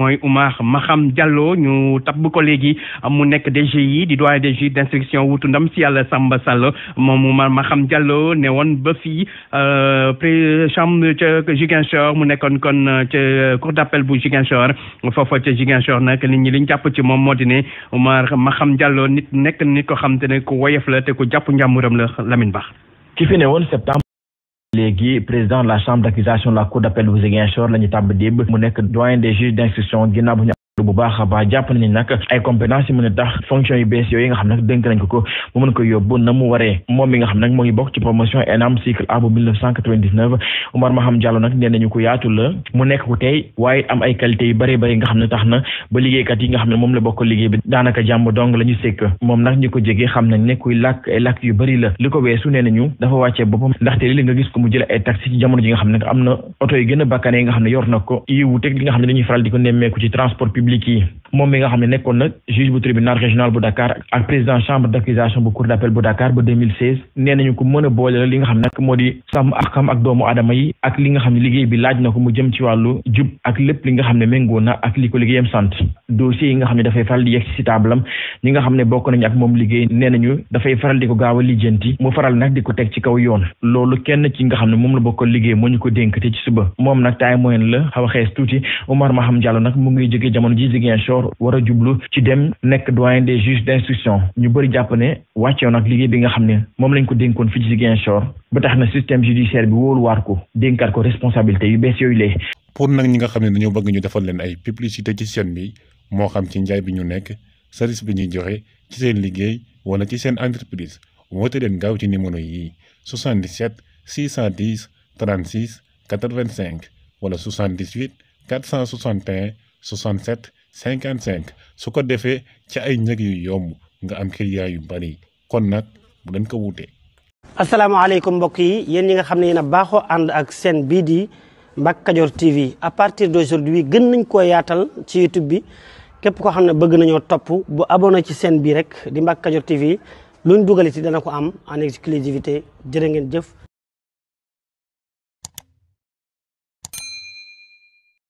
mooy ma Maham jàlloo ñu tabb ko léegi mu nekk DGI di doyen des juges d'instruction wutu ndam ci yàlla Samba Sall moom ma xam Diallo ne woon ba fii euh, pré chambre ca Ziguinchor mu nekkoon kon euh, ca cour d'appel bu Ziguinchor foofa ca Ziguinchor nag nit ñi liñ jàpp ci moom moo di ne Oumar Maham Diallo nit nekk nit ko xam te ne ku woyof la te ku jàpp njàmburam la Lamine Ba ki fi ne woon septembre léegi président de la chambre d'accusation de la cour d'appel bu Ziguinchor la ñu tàbb démb mu nekk doyen des juges d'instruction ginnaaw bu ñu bu baax a jàpp nañu nag ay compétence yi mën tax fonction yu bees yooyu nga xam nag dénk nañ ko mu mën ko yóbbu na mu waree moom nga xam nag nañu ko jege xam ne kuy làkk yu bari la li ko weesu nee nañu dafa wàccee boppam ndaxte li nga gis ko mu jël ay taxi ci jamono ji nga xam ne na oto yu gën bakkanee nga xam ne yor na ko yi wuteeg nga xam ne dañuy faral di ko nemmeeku ci transport public publique yi moom mi nga xam ne nekkoon nag juge bu tribunal régional bu Dakar ak président chambre d'accusation bu cour d'appel bu Dakar ba 2016 nee nañu ko mën a boole la li nga xam ne nag li ko liggéeyam sant dossier yi nga xam ne dafay faral di yegg a mu faral nag di ko teg ci kaw yoon loolu kenn ci nga xam ne moom la bokk liggéey moo ñu ko dénk te ci suba moom nag taay moyen la xaw xees tuuti Omar Maham Diallo nag mu ngi jóge jamono ji Ziguinchor war a jublu ci dem nekk doyen des juges d'instruction ñu bëri jàpp ne wàcceewoon ak liggéey bi nga xam ne moom lañ ko dénkoon fi ci Ziguinchor ba tax na système judiciaire bi wóoluwaat ko dénkaat ko responsabilité yu bees yooyu lee pour nag ñi nga xam ne dañoo bëgg ñu defal leen ay publicité ci seen bi moo xam ci njaay bi ñu nekk service bi ñuy joxe ci seen liggéey wala ci seen entreprise woote leen gaaw ci numéro yi 77 610 36 85 wala 78 461 67 55 su ko defee ci ay njëg yu yomb nga am client yu bari kon nag bu dañ ko wuute. asalaamaaleykum mbokk yi yéen ñi nga xam ne yéen a baaxoo ànd ak seen bii di Mbacke Kadior TV à partir d'aujourd'hui gën nañ koo yaatal ci YouTube bi képp koo xam ne bëgg nañoo topp bu abonné ci seen bii rek di Mbacke Kadior TV luñ dugaliti dana ko am en exclusivité jërë ngeen jëf.